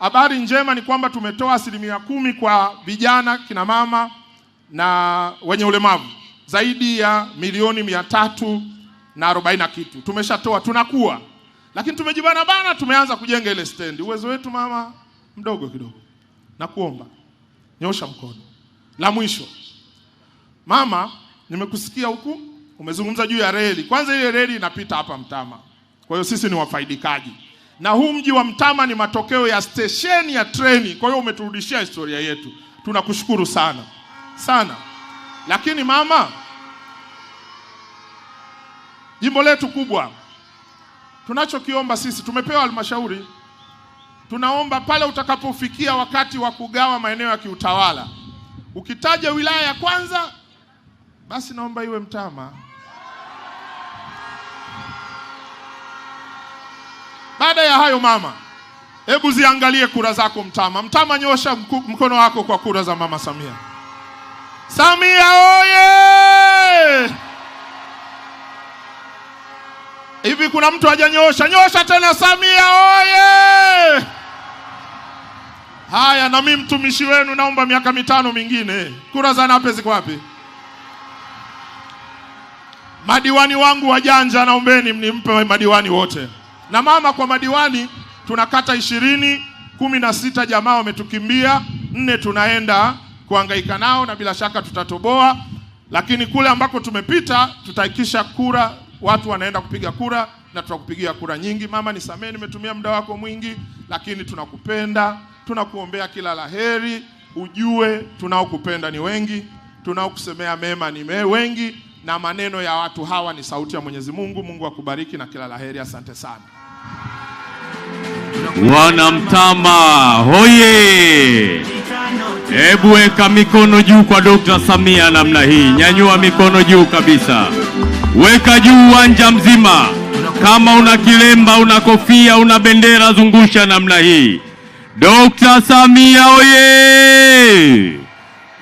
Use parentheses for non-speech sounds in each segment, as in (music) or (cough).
Habari njema ni kwamba tumetoa asilimia kumi kwa vijana, kina mama na wenye ulemavu zaidi ya milioni mia tatu na arobaini na kitu tumeshatoa, tunakuwa lakini tumejibana bana, tumeanza kujenga ile stendi. Uwezo wetu mama mdogo kidogo, nakuomba nyosha mkono. La mwisho, mama, nimekusikia huku umezungumza juu ya reli. Kwanza ile reli inapita hapa Mtama, kwa hiyo sisi ni wafaidikaji na huu mji wa Mtama ni matokeo ya stesheni ya treni. Kwa hiyo umeturudishia historia yetu, tunakushukuru sana sana. Lakini mama, jimbo letu kubwa, tunachokiomba sisi, tumepewa halmashauri, tunaomba pale utakapofikia wakati wa kugawa maeneo ya kiutawala, ukitaja wilaya ya kwanza, basi naomba iwe Mtama. Baada ya hayo mama, hebu ziangalie kura zako Mtama. Mtama, nyosha mkono wako kwa kura za mama Samia. Samia oye! Hivi kuna mtu hajanyosha? Nyosha tena, Samia oye! Haya, na mimi mtumishi wenu naomba miaka mitano mingine. Kura za Nape ziko wapi? Madiwani wangu wajanja, naombeni mnimpe madiwani wote. Na mama, kwa madiwani tunakata ishirini, kumi na sita jamaa wametukimbia, nne tunaenda kuhangaika nao na bila shaka tutatoboa, lakini kule ambako tumepita tutahakikisha kura watu wanaenda kupiga kura na tutakupigia kura nyingi. Mama, samee nimetumia muda wako mwingi, lakini tunakupenda, tunakuombea kila laheri. Ujue tunaokupenda ni wengi, tunaokusemea mema ni me wengi, na maneno ya watu hawa ni sauti ya Mwenyezi Mungu. Mungu akubariki na kila laheri. Asante sana. Wanamtama hoye! Hebu weka mikono juu kwa Dokta Samia namna hii, nyanyua mikono juu kabisa, weka juu uwanja mzima. Kama una kilemba, una kofia, una bendera, zungusha namna hii. Dokta Samia hoye!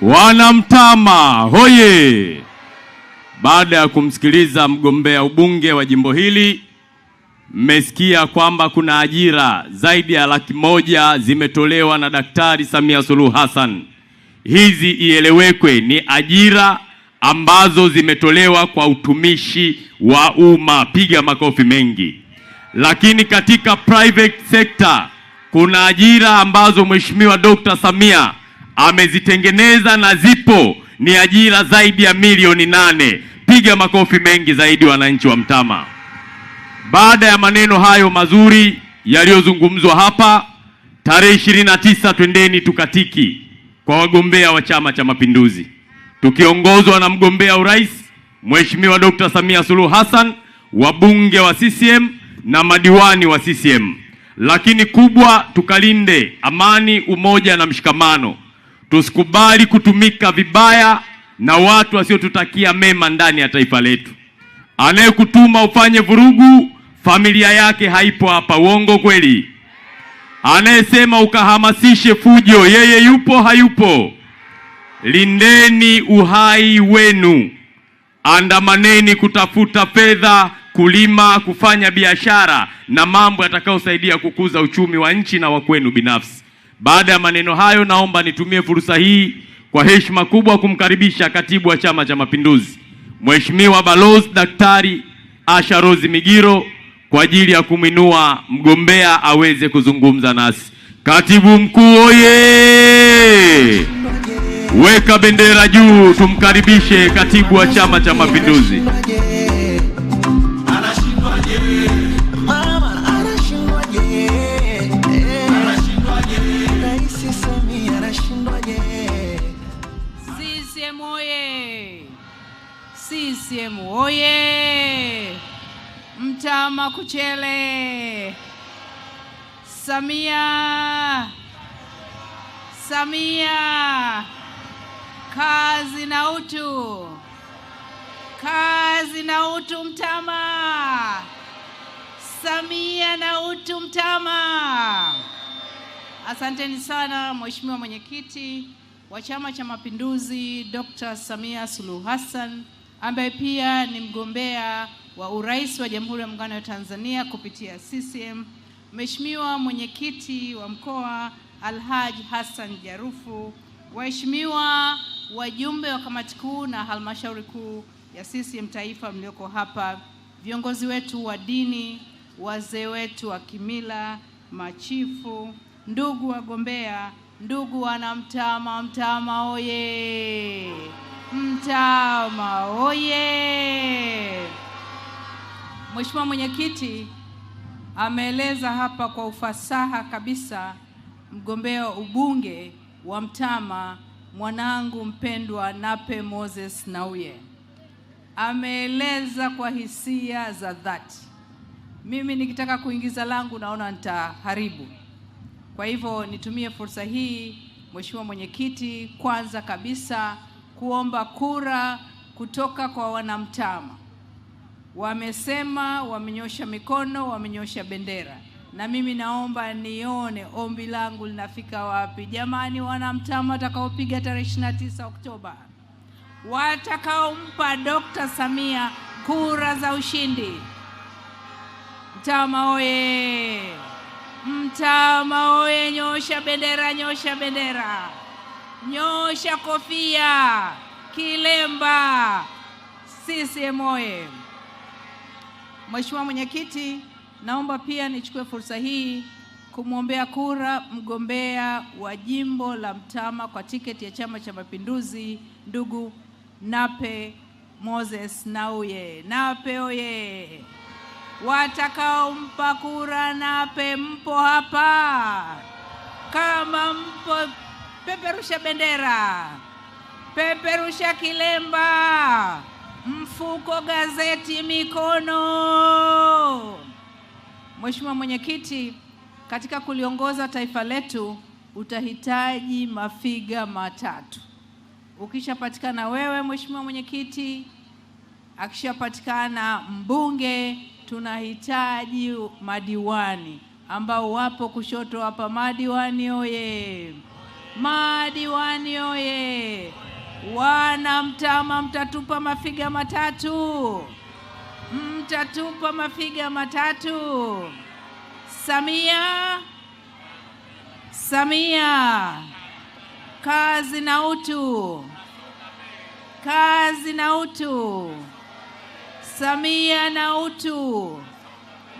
Wanamtama hoye! Baada ya kumsikiliza mgombea ubunge wa jimbo hili Mmesikia kwamba kuna ajira zaidi ya laki moja zimetolewa na Daktari Samia Suluhu Hassan. Hizi ielewekwe ni ajira ambazo zimetolewa kwa utumishi wa umma, piga makofi mengi. Lakini katika private sector kuna ajira ambazo Mheshimiwa Dkt. Samia amezitengeneza na zipo, ni ajira zaidi ya milioni nane, piga makofi mengi zaidi, wananchi wa Mtama. Baada ya maneno hayo mazuri yaliyozungumzwa hapa, tarehe ishirini na tisa twendeni tukatiki kwa wagombea wa Chama cha Mapinduzi tukiongozwa na mgombea urais Mheshimiwa Dr. Samia Suluhu Hassan, wabunge wa CCM na madiwani wa CCM. Lakini kubwa, tukalinde amani, umoja na mshikamano. Tusikubali kutumika vibaya na watu wasiotutakia mema ndani ya taifa letu. Anayekutuma ufanye vurugu familia yake haipo hapa. Uongo kweli? Anayesema ukahamasishe fujo, yeye yupo hayupo? Lindeni uhai wenu, andamaneni kutafuta fedha, kulima, kufanya biashara na mambo yatakayosaidia kukuza uchumi wa nchi na wa kwenu binafsi. Baada ya maneno hayo, naomba nitumie fursa hii kwa heshima kubwa kumkaribisha katibu wa Chama cha Mapinduzi, Mheshimiwa Balozi Daktari Asha Rose Migiro kwa ajili ya kumwinua mgombea aweze kuzungumza nasi. Katibu mkuu oye! Weka bendera juu, tumkaribishe katibu wa Chama cha Mapinduzi. Mchele, Samia, Samia, kazi na utu, kazi na utu Mtama, Samia na utu Mtama. Asanteni sana Mheshimiwa Mwenyekiti wa Chama cha Mapinduzi Dr. Samia Suluhu Hassan ambaye pia ni mgombea wa urais wa Jamhuri ya Muungano wa Tanzania kupitia CCM, Mheshimiwa mwenyekiti wa mkoa alhaj Hassan Jarufu, waheshimiwa wajumbe wa kamati kuu na halmashauri kuu ya CCM taifa mlioko hapa, viongozi wetu wa dini, wazee wetu wa kimila, machifu, ndugu wagombea, ndugu wanamtama, Mtama oye! Mtama oye! Mheshimiwa Mwenyekiti ameeleza hapa kwa ufasaha kabisa mgombea ubunge wa Mtama mwanangu mpendwa Nape Moses Nnauye. Ameeleza kwa hisia za dhati. Mimi nikitaka kuingiza langu naona nitaharibu. Kwa hivyo nitumie fursa hii Mheshimiwa Mwenyekiti, kwanza kabisa kuomba kura kutoka kwa wanamtama wamesema, wamenyosha mikono, wamenyosha bendera, na mimi naomba nione ombi langu linafika wapi. Jamani, wanamtama watakaopiga tarehe 29 Oktoba, watakaompa Dr. Samia kura za ushindi, Mtama oye! Mtama oye! Nyosha bendera, nyosha bendera, nyosha kofia, kilemba. CCM oye! Mheshimiwa Mwenyekiti, naomba pia nichukue fursa hii kumwombea kura mgombea wa jimbo la Mtama kwa tiketi ya Chama cha Mapinduzi, ndugu Nape Moses Nauye. Nape oye! Watakaompa kura Nape, mpo hapa? Kama mpo, peperusha bendera, peperusha kilemba mfuko, gazeti, mikono. Mheshimiwa Mwenyekiti, katika kuliongoza taifa letu utahitaji mafiga matatu. Ukishapatikana wewe Mheshimiwa Mwenyekiti, akishapatikana mbunge, tunahitaji madiwani ambao wapo kushoto hapa. Madiwani oye! Madiwani oye! Wana Mtama, mtatupa mafiga matatu, mtatupa mafiga matatu. Samia, Samia, kazi na utu, kazi na utu. Samia na utu.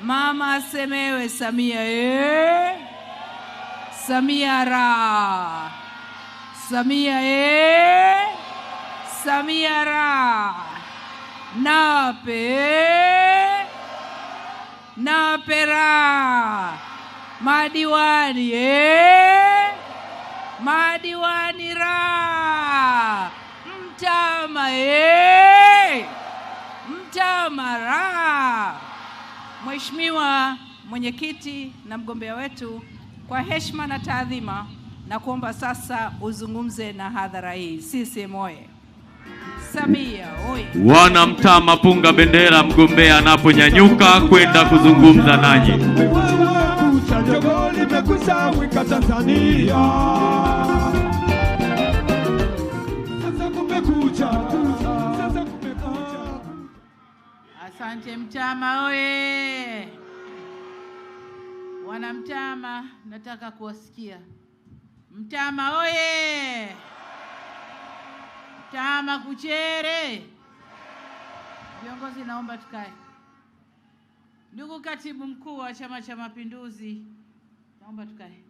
Mama asemewe. Samia eh? Samia ra, Samia e. Samia raha nape nape raha madiwani eh? madiwani raha Mtama eh? Mtama raha. Mheshimiwa mwenyekiti na mgombea wetu, kwa heshima na taadhima na kuomba sasa uzungumze na hadhara hii. CCM Samia oi. Wana Mtama punga bendera mgombea anaponyanyuka kwenda kuzungumza nanyi. Asante Mtama oye! Mtama, nataka kuwasikia Mtama oye! Tama kuchere. Viongozi, naomba tukae. Ndugu katibu mkuu wa Chama cha Mapinduzi, naomba tukae.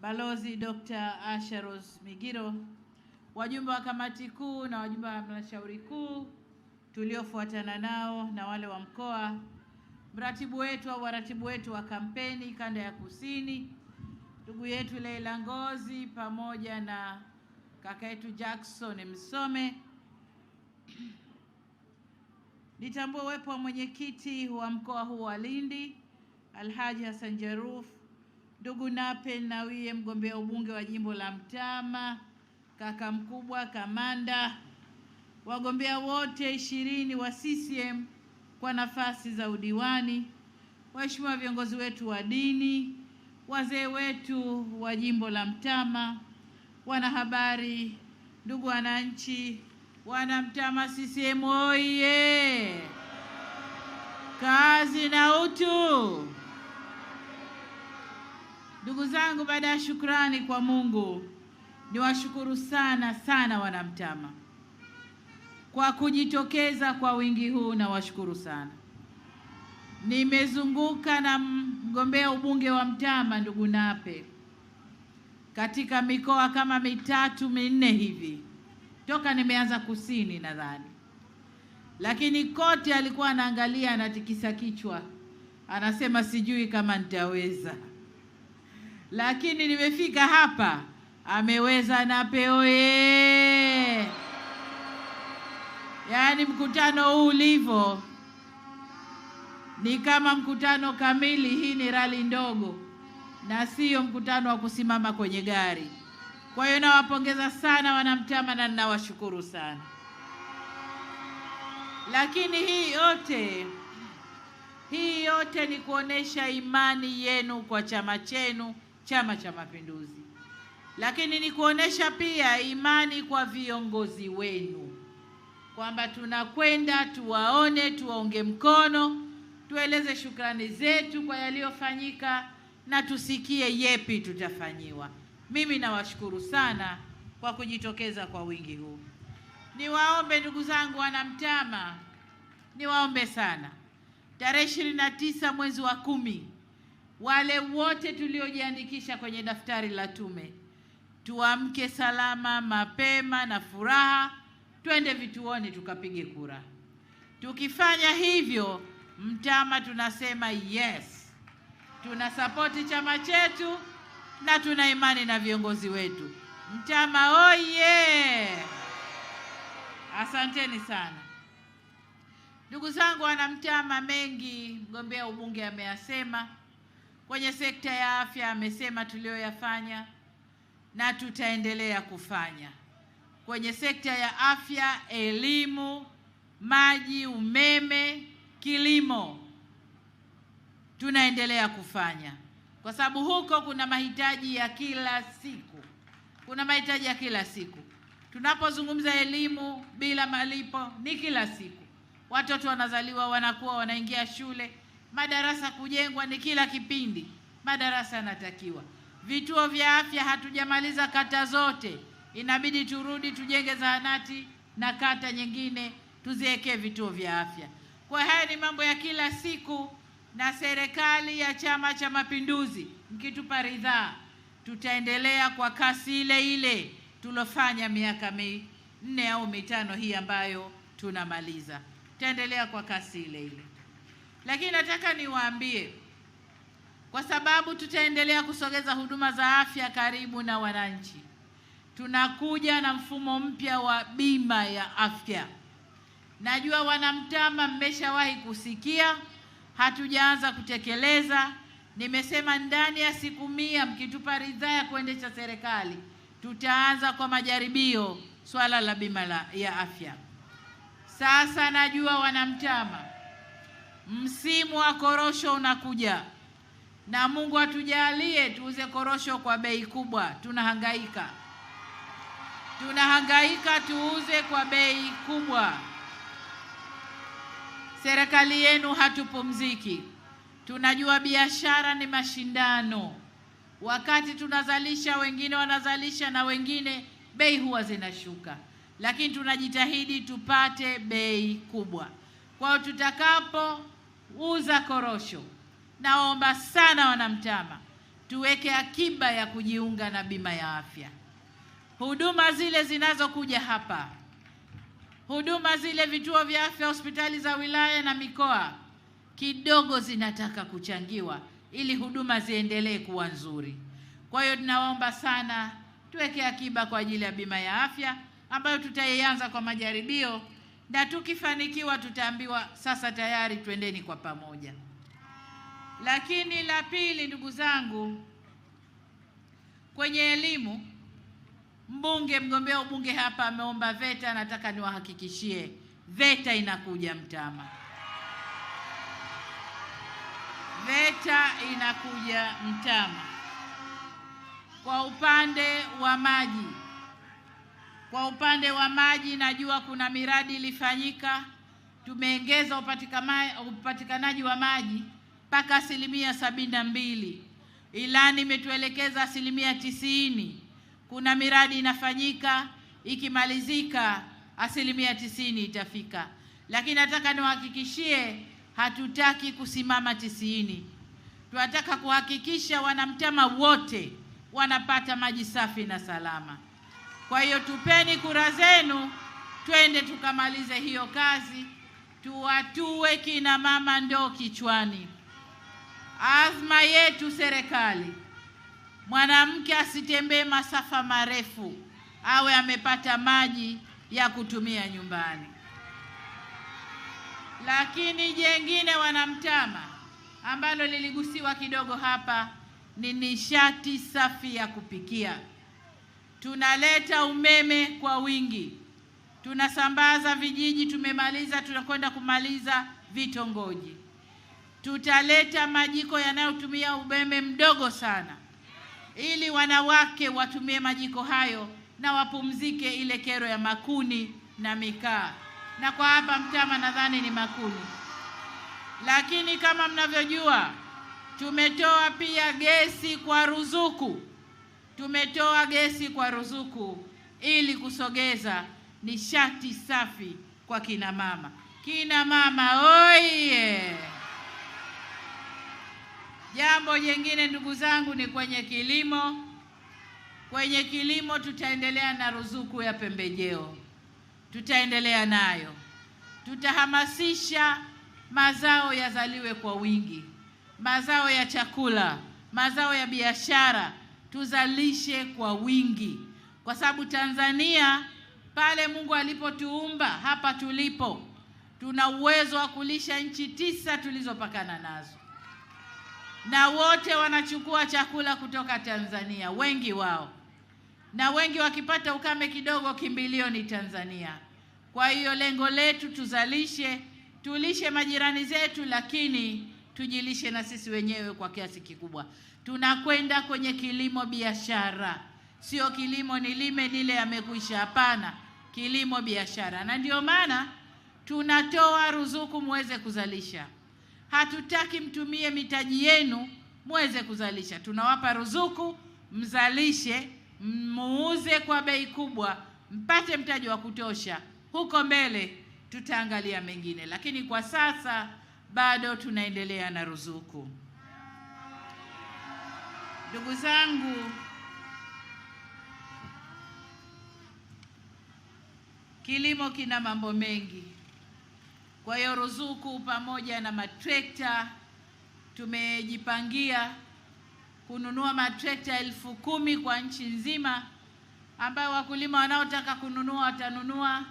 Balozi Dr. Asha Rose Migiro, wajumbe wa kamati kuu na wajumbe wa halmashauri kuu tuliofuatana nao na wale wa mkoa, mratibu wetu au waratibu wetu wa kampeni kanda ya kusini, ndugu yetu Leila Ngozi pamoja na kaka yetu Jackson Msome. (clears throat) Nitambue uwepo wa mwenyekiti wa mkoa huu wa Lindi Alhaji Hassan Jaruf, ndugu Nape Nnauye, mgombea ubunge wa jimbo la Mtama, kaka mkubwa kamanda, wagombea wote ishirini wa CCM kwa nafasi za udiwani, waheshimiwa viongozi wetu wa dini, wazee wetu wa jimbo la Mtama wanahabari, ndugu wananchi, wanamtama CCM oye! Kazi na utu. Ndugu zangu, baada ya shukrani kwa Mungu, niwashukuru sana sana wanamtama kwa kujitokeza kwa wingi huu, nawashukuru sana. Nimezunguka na mgombea ubunge wa Mtama ndugu Nape katika mikoa kama mitatu minne hivi toka nimeanza kusini nadhani, lakini kote alikuwa anaangalia, anatikisa kichwa, anasema sijui kama nitaweza. Lakini nimefika hapa, ameweza na oye! Yaani mkutano huu ulivyo ni kama mkutano kamili. Hii ni rali ndogo na siyo mkutano wa kusimama kwenye gari. Kwa hiyo nawapongeza sana Wanamtama na ninawashukuru sana, lakini hii yote hii yote ni kuonesha imani yenu kwa chama chenu, Chama cha Mapinduzi, lakini ni kuonesha pia imani kwa viongozi wenu kwamba tunakwenda tuwaone, tuwaunge mkono, tueleze shukrani zetu kwa yaliyofanyika na tusikie yepi tutafanyiwa. Mimi nawashukuru sana kwa kujitokeza kwa wingi huu. Niwaombe ndugu zangu wanamtama, niwaombe sana, tarehe ishirini na tisa mwezi wa kumi, wale wote tuliojiandikisha kwenye daftari la tume tuamke salama mapema na furaha, twende vituoni tukapige kura. Tukifanya hivyo, Mtama tunasema yes tuna sapoti chama chetu na tuna imani na viongozi wetu. Mtama oye! Oh, asanteni sana ndugu zangu Mtama. Mengi mgombea ubunge ameyasema. Kwenye sekta ya afya amesema tuliyoyafanya na tutaendelea kufanya kwenye sekta ya afya, elimu, maji, umeme, kilimo tunaendelea kufanya, kwa sababu huko kuna mahitaji ya kila siku, kuna mahitaji ya kila siku. Tunapozungumza elimu bila malipo, ni kila siku. Watoto wanazaliwa, wanakuwa, wanaingia shule, madarasa kujengwa, ni kila kipindi madarasa yanatakiwa. Vituo vya afya hatujamaliza kata zote, inabidi turudi tujenge zahanati na kata nyingine tuziwekee vituo vya afya. Kwa haya ni mambo ya kila siku na serikali ya Chama cha Mapinduzi, mkitupa ridhaa, tutaendelea kwa kasi ile ile tulofanya miaka minne au mitano hii ambayo tunamaliza, tutaendelea kwa kasi ile ile. Lakini nataka niwaambie, kwa sababu tutaendelea kusogeza huduma za afya karibu na wananchi, tunakuja na mfumo mpya wa bima ya afya. Najua wanamtama mmeshawahi kusikia hatujaanza kutekeleza. Nimesema ndani ya siku mia mkitupa ridhaa ya kuendesha serikali, tutaanza kwa majaribio swala la bima la ya afya. Sasa najua wanamtama, msimu wa korosho unakuja, na Mungu atujalie tuuze korosho kwa bei kubwa. Tunahangaika, tunahangaika tuuze kwa bei kubwa serikali yenu hatupumziki. Tunajua biashara ni mashindano, wakati tunazalisha wengine wanazalisha na wengine bei huwa zinashuka, lakini tunajitahidi tupate bei kubwa. Kwa hiyo tutakapouza korosho, naomba sana wanamtama tuweke akiba ya kujiunga na bima ya afya. Huduma zile zinazokuja hapa huduma zile vituo vya afya, hospitali za wilaya na mikoa kidogo zinataka kuchangiwa ili huduma ziendelee kuwa nzuri. Kwa hiyo tunawaomba sana tuweke akiba kwa ajili ya bima ya afya ambayo tutaianza kwa majaribio, na tukifanikiwa tutaambiwa sasa tayari, twendeni kwa pamoja. Lakini la pili, ndugu zangu, kwenye elimu Mbunge mgombea ubunge hapa ameomba VETA, nataka niwahakikishie VETA inakuja Mtama. VETA inakuja Mtama. Kwa upande wa maji, kwa upande wa maji najua kuna miradi ilifanyika, tumeongeza upatikanaji wa maji mpaka asilimia sabini na mbili. Ilani imetuelekeza asilimia tisini. Kuna miradi inafanyika, ikimalizika asilimia tisini itafika, lakini nataka niwahakikishie, hatutaki kusimama tisini. Tunataka kuhakikisha wanamtama wote wanapata maji safi na salama. Kwa hiyo tupeni kura zenu, twende tukamalize hiyo kazi, tuwatue kina mama ndoo kichwani. Azma yetu serikali Mwanamke asitembee masafa marefu, awe amepata maji ya kutumia nyumbani. Lakini jengine, wanamtama, ambalo liligusiwa kidogo hapa, ni nishati safi ya kupikia. Tunaleta umeme kwa wingi, tunasambaza vijiji, tumemaliza, tunakwenda kumaliza vitongoji. Tutaleta majiko yanayotumia umeme mdogo sana ili wanawake watumie majiko hayo na wapumzike ile kero ya makuni na mikaa, na kwa hapa Mtama nadhani ni makuni. Lakini kama mnavyojua, tumetoa pia gesi kwa ruzuku, tumetoa gesi kwa ruzuku ili kusogeza nishati safi kwa kina mama. Kina mama oye! Jambo jingine ndugu zangu ni kwenye kilimo. Kwenye kilimo tutaendelea na ruzuku ya pembejeo, tutaendelea nayo, tutahamasisha mazao yazaliwe kwa wingi, mazao ya chakula, mazao ya biashara tuzalishe kwa wingi, kwa sababu Tanzania pale Mungu alipotuumba hapa tulipo, tuna uwezo wa kulisha nchi tisa tulizopakana nazo na wote wanachukua chakula kutoka Tanzania, wengi wao, na wengi wakipata ukame kidogo, kimbilio ni Tanzania. Kwa hiyo lengo letu tuzalishe, tulishe majirani zetu, lakini tujilishe na sisi wenyewe kwa kiasi kikubwa. Tunakwenda kwenye kilimo biashara, sio kilimo nilime nile yamekwisha. Hapana, kilimo biashara, na ndio maana tunatoa ruzuku muweze kuzalisha hatutaki mtumie mitaji yenu muweze kuzalisha, tunawapa ruzuku, mzalishe, muuze kwa bei kubwa, mpate mtaji wa kutosha. Huko mbele tutaangalia mengine, lakini kwa sasa bado tunaendelea na ruzuku. Ndugu zangu, kilimo kina mambo mengi. Kwa hiyo ruzuku pamoja na matrekta tumejipangia kununua matrekta elfu kumi kwa nchi nzima, ambayo wakulima wanaotaka kununua watanunua,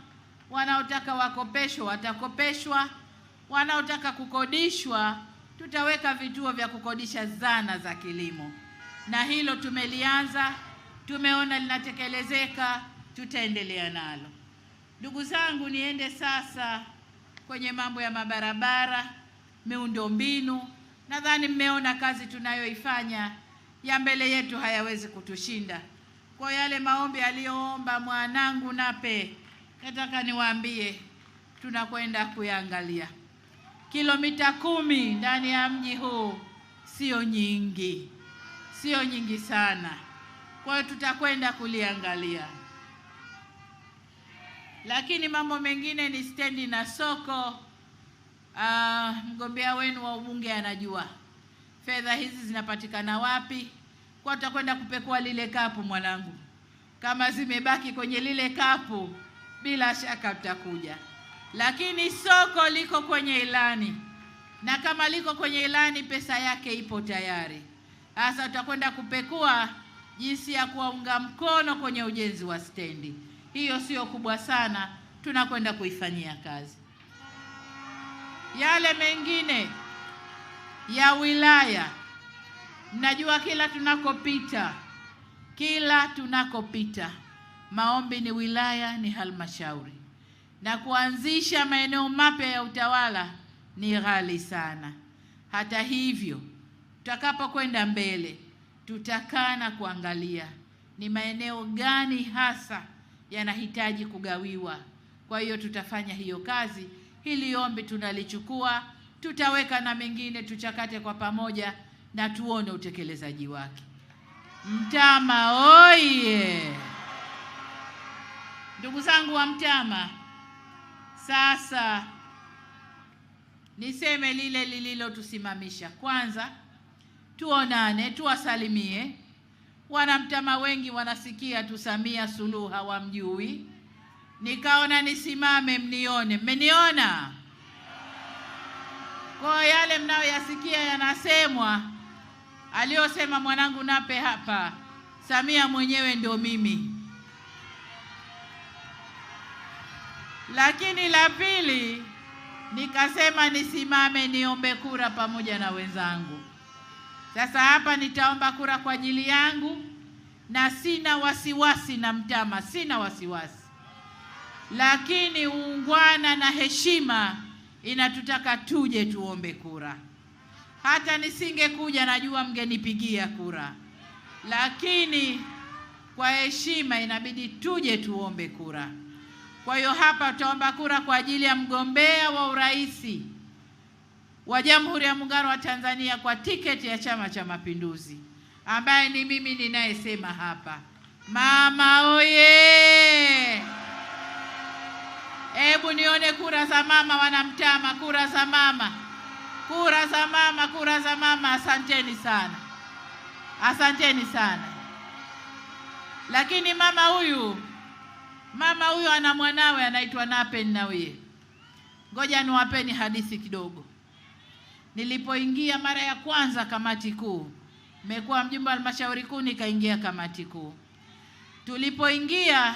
wanaotaka wakopeshwa watakopeshwa, wanaotaka kukodishwa tutaweka vituo vya kukodisha zana za kilimo, na hilo tumelianza, tumeona linatekelezeka, tutaendelea nalo. Ndugu zangu, niende sasa kwenye mambo ya mabarabara, miundombinu. Nadhani mmeona kazi tunayoifanya ya mbele yetu hayawezi kutushinda. Kwa yale maombi aliyoomba mwanangu Nape, nataka niwaambie tunakwenda kuyaangalia. Kilomita kumi ndani ya mji huu sio nyingi, sio nyingi sana. Kwa hiyo tutakwenda kuliangalia. Lakini mambo mengine ni stendi na soko. Uh, mgombea wenu wa ubunge anajua fedha hizi zinapatikana wapi, kwa utakwenda kupekua lile kapu mwanangu. Kama zimebaki kwenye lile kapu, bila shaka tutakuja. Lakini soko liko kwenye ilani, na kama liko kwenye ilani, pesa yake ipo tayari. Sasa utakwenda kupekua jinsi ya kuwaunga mkono kwenye ujenzi wa stendi hiyo sio kubwa sana, tunakwenda kuifanyia kazi. Yale mengine ya wilaya, mnajua kila tunakopita, kila tunakopita, maombi ni wilaya, ni halmashauri, na kuanzisha maeneo mapya ya utawala ni ghali sana. Hata hivyo, tutakapokwenda mbele, tutakaa na kuangalia ni maeneo gani hasa yanahitaji kugawiwa. Kwa hiyo tutafanya hiyo kazi. Hili ombi tunalichukua, tutaweka na mengine tuchakate kwa pamoja na tuone utekelezaji wake. Mtama oye! Ndugu zangu wa Mtama, sasa niseme lile lililotusimamisha. Kwanza tuonane, tuwasalimie Wanamtama wengi wanasikia tu Samia Suluhu hawamjui. Nikaona nisimame mnione, mmeniona. Kwa yale mnayoyasikia yanasemwa, aliyosema mwanangu Nape hapa, Samia mwenyewe ndio mimi. Lakini la pili, nikasema nisimame niombe kura pamoja na wenzangu. Sasa hapa nitaomba kura kwa ajili yangu na sina wasiwasi na mtama, sina wasiwasi, lakini uungwana na heshima inatutaka tuje tuombe kura. Hata nisingekuja najua mngenipigia kura, lakini kwa heshima inabidi tuje tuombe kura. Kwa hiyo hapa tutaomba kura kwa ajili ya mgombea wa uraisi wa Jamhuri ya Muungano wa Tanzania kwa tiketi ya Chama cha Mapinduzi, ambaye ni mimi ninayesema hapa, mama oye! Hebu nione kura za mama wanamtama, kura za mama, kura za mama, kura za mama. Asanteni sana, asanteni sana. Lakini mama huyu, mama huyu ana mwanawe anaitwa Nape Nnauye. Ngoja niwapeni hadithi kidogo. Nilipoingia mara ya kwanza kamati kuu, nimekuwa mjumbe wa halmashauri kuu, nikaingia kamati kuu. Tulipoingia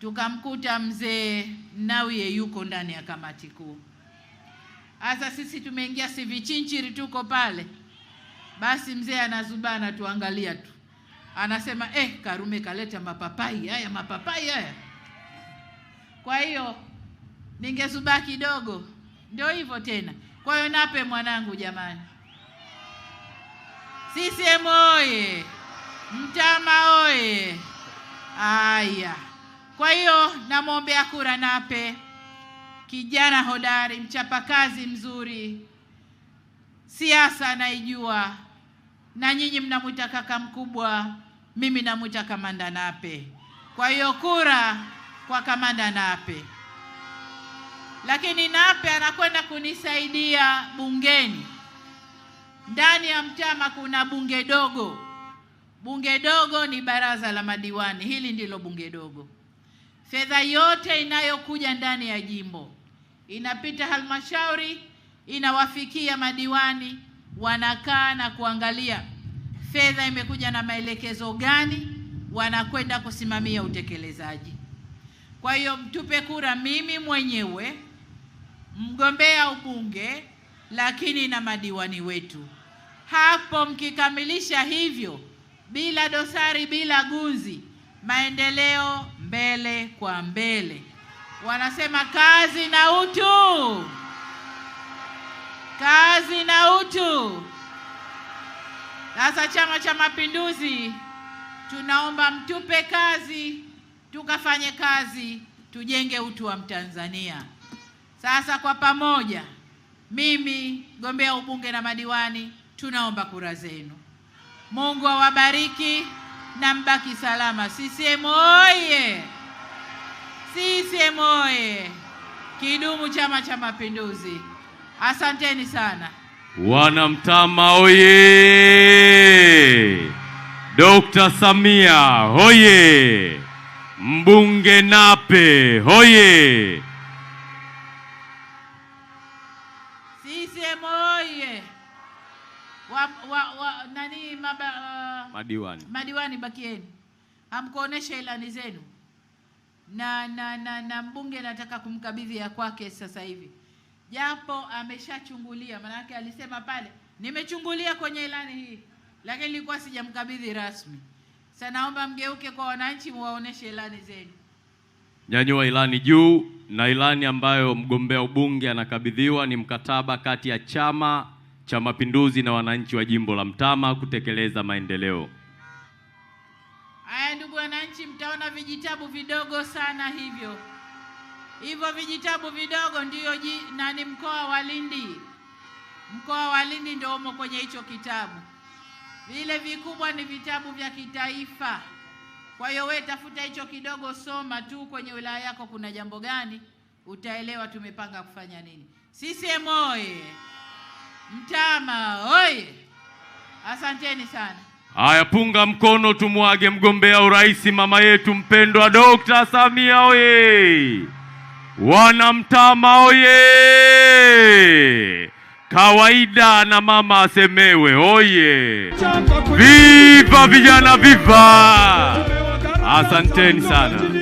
tukamkuta mzee Mnauye yuko ndani ya kamati kuu. Sasa sisi tumeingia si vichinchiri, tuko pale. Basi mzee anazubana, tuangalia tu, anasema eh, Karume kaleta mapapai haya, mapapai haya. Kwa hiyo ningezubaa kidogo, ndio hivyo tena. Kwa hiyo nape mwanangu, jamani, CCM oye! Mtama oye! Aya, kwa hiyo namwombea kura Nape, kijana hodari, mchapakazi mzuri, siasa anaijua, na nyinyi mnamwita kaka mkubwa, mimi namwita kamanda Nape. Kwa hiyo kura kwa kamanda Nape lakini Nape anakwenda kunisaidia bungeni. Ndani ya mtama kuna bunge dogo. Bunge dogo ni baraza la madiwani, hili ndilo bunge dogo. Fedha yote inayokuja ndani ya jimbo inapita halmashauri, inawafikia madiwani, wanakaa na kuangalia fedha imekuja na maelekezo gani, wanakwenda kusimamia utekelezaji. Kwa hiyo mtupe kura mimi mwenyewe mgombea ubunge, lakini na madiwani wetu. Hapo mkikamilisha hivyo bila dosari, bila gunzi, maendeleo mbele kwa mbele. Wanasema kazi na utu, kazi na utu. Sasa Chama cha Mapinduzi tunaomba mtupe kazi, tukafanye kazi, tujenge utu wa Mtanzania. Sasa kwa pamoja, mimi gombea ubunge na madiwani, tunaomba kura zenu. Mungu awabariki na mbaki salama. CCM oye! CCM oye! Kidumu Chama cha Mapinduzi! Asanteni sana Wanamtama oye! Dr. Samia hoye! Mbunge Nape hoye! CCM oye! wa, wa, wa, nani maba, uh, madiwani, madiwani bakieni, hamkuonesha ilani zenu na, na, na, na mbunge nataka kumkabidhi ya kwake sasa hivi, japo ameshachungulia, maanake alisema pale nimechungulia kwenye ilani hii, lakini ilikuwa sijamkabidhi rasmi. Sasa naomba mgeuke kwa wananchi, muwaoneshe ilani zenu. Nyanyua ilani juu na ilani ambayo mgombea ubunge anakabidhiwa ni mkataba kati ya Chama cha Mapinduzi na wananchi wa jimbo la Mtama kutekeleza maendeleo haya. Ndugu wananchi, mtaona vijitabu vidogo sana hivyo hivyo, vijitabu vidogo ndiyo ji, na ni mkoa wa Lindi, mkoa wa Lindi ndio umo kwenye hicho kitabu. Vile vikubwa ni vitabu vya kitaifa. Kwa hiyo wewe tafuta hicho kidogo, soma tu kwenye wilaya yako kuna jambo gani, utaelewa tumepanga kufanya nini. CCM oye! Mtama oye! Asanteni sana. Haya, punga mkono tumwage mgombea urais mama yetu mpendwa Dr. Samia oye! Wana Mtama oye! Kawaida na mama asemewe oye! Viva vijana, viva! Asanteni sana.